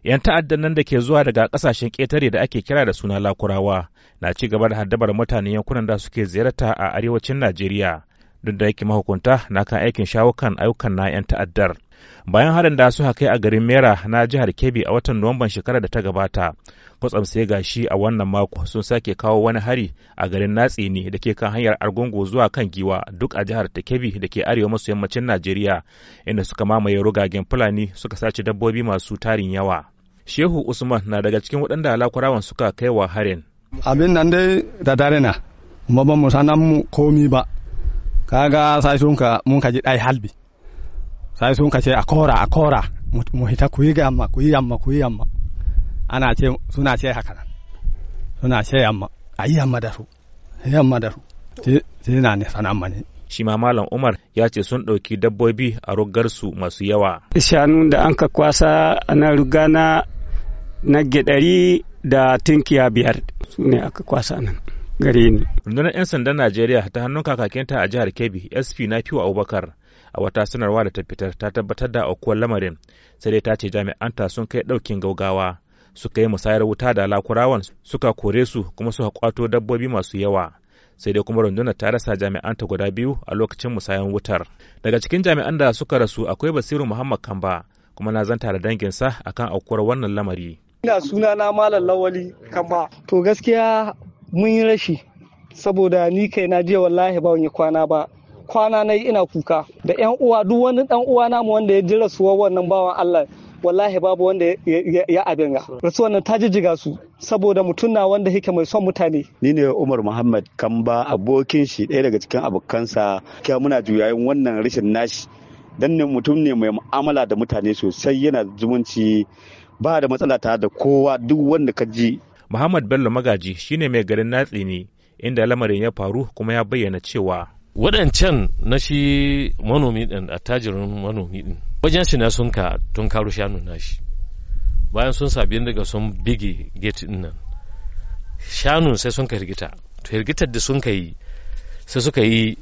'yan ta'addan nan da ke zuwa daga kasashen ƙetare da ake kira da suna lakurawa na ci gaba da haddabar mutane yankunan da suke ziyarta a arewacin najeriya duk da yake mahukunta na kan aikin shawo kan ayyukan na 'yan ta'addar bayan harin da su kai a garin mera na jihar kebbi a watan nuwamban shekarar da ta gabata kwatsam sai ga shi a wannan mako sun sake kawo wani hari a garin natsini da ke kan hanyar argungu zuwa kan giwa duk a jihar ta kebbi da ke arewa maso yammacin najeriya inda suka mamaye rugagen fulani suka sace dabbobi masu tarin yawa Shehu Usman na daga cikin waɗanda alakurawan suka kai wa harin. Abin nan dai da dare na, kuma ba mu sanan mu komi ba, kaga sai sun ka mun ka ji ɗai halbi, sai sun ka ce a kora a kora mu hita ku yi yamma ku yi yamma ku yi yamma. Ana ce suna ce haka nan, suna ce yamma, a yi yamma da su, yamma da su, sai na ne sanan ma ne. shi ma Malam Umar ya ce sun ɗauki dabbobi a rugarsu masu yawa. Shanun da an ka kwasa ana rugana na gidari da tinkiya biyar ne aka kwasa nan gare ni. Rundunar 'yan sandan Najeriya ta hannun kakakinta a jihar Kebbi SP na fiwa Abubakar a wata sanarwa da ta fitar ta tabbatar da aukuwar lamarin sai dai ta ce jami'anta sun kai ɗaukin gaugawa suka yi musayar wuta da lakurawan suka kore su kuma suka kwato dabbobi masu yawa sai dai kuma rundunar ta rasa jami'anta guda biyu a lokacin musayan wutar daga cikin jami'an da suka rasu akwai basiru muhammad kamba kuma na zanta da danginsa akan aukuwar wannan lamari Ina suna na Malam Lawali kama. To gaskiya mun yi rashi saboda ni kai na jiya wallahi ba wani kwana ba. Kwana na ina kuka da yan uwa duk wani dan uwa na mu wanda ya ji rasuwar wannan bawan Allah wallahi babu wanda ya abin ga. Rasuwar nan ta jijjiga su saboda mutum na wanda yake mai son mutane. Ni ne Umar Muhammad Kamba abokin shi ɗaya daga cikin abokansa. Kya muna juyayin wannan rashin nashi. Dan ne mutum ne mai mu'amala da mutane sosai yana zumunci ba da matsala ta da kowa duk wanda ka ji Muhammad Bello Magaji shine mai garin Natsi ne inda lamarin ya faru kuma ya bayyana cewa waɗancan na shi manomi ɗin a tajirin manomi ɗin wajen shi na sun ka tun karo shanu na shi bayan sun sabi daga sun bige gate ɗin nan shanun sai sun ka hirgita to hirgitar da sun ka yi sai suka yi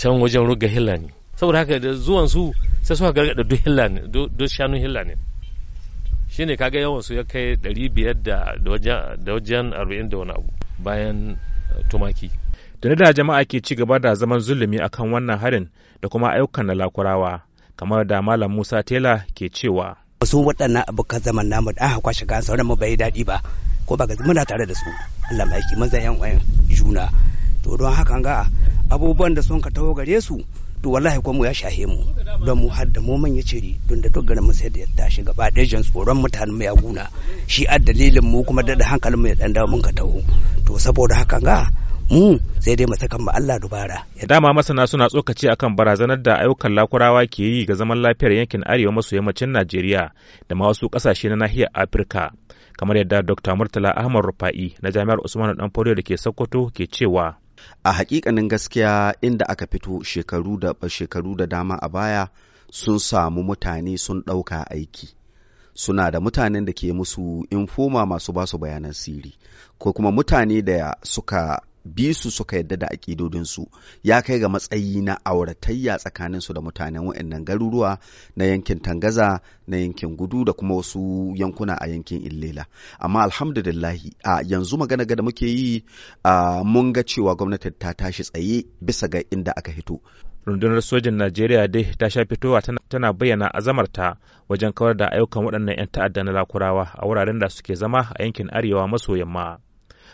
can wajen ruga hillani saboda haka da zuwan su sai suka gargada duk hillani duk shanun hillani ne kaga yawan su ya kai 500 da wajen 40 da wani abu bayan uh, tumaki tuni da jama'a ke ci gaba da zaman zulumi akan wannan harin da kuma ayyukan na lakurawa kamar da malam musa tela ke cewa wasu waɗannan abokan zaman namu da aka kwashe gan sauran mu bai daɗi ba ko ba muna tare da su Allah mai mun maza yan juna to don haka ga abubuwan da sun ka taho gare su to wallahi kuma ya shahe mu don mu har da moman ya cire don da dogara mu sai da ya tashi gaba ɗaya jan tsoron mutanen mu ya guna shi a dalilin mu kuma da hankalin mu ya dan dawo mun ka taho to saboda haka ga mu sai dai mu kan mu Allah dubara ya dama masana suna tsokaci akan barazanar da ayyukan lakurawa ke yi ga zaman lafiyar yankin arewa maso yammacin Najeriya da ma wasu kasashe na nahiyar Afirka kamar yadda Dr. Murtala Ahmad Rufa'i na Jami'ar Usman Dan Fodio da ke Sokoto ke cewa a hakikanin gaskiya inda aka fito shekaru da shekaru da dama a baya sun samu mutane sun ɗauka aiki suna da mutanen da ke musu infoma masu basu bayanan siri ko kuma mutane da suka bisu suka yadda da aƙidodinsu ya kai ga matsayi na auratayya tsakaninsu da mutanen wa'annan garuruwa na yankin tangaza na yankin gudu da kuma wasu yankuna a yankin illela amma alhamdulillahi a yanzu magana da muke yi a mun ga cewa gwamnati ta tashi tsaye bisa ga inda aka hito rundunar sojin najeriya dai ta sha fitowa tana bayyana azamarta wajen kawar da ayyukan waɗannan 'yan ta'adda na lakurawa a wuraren da suke zama a yankin arewa maso yamma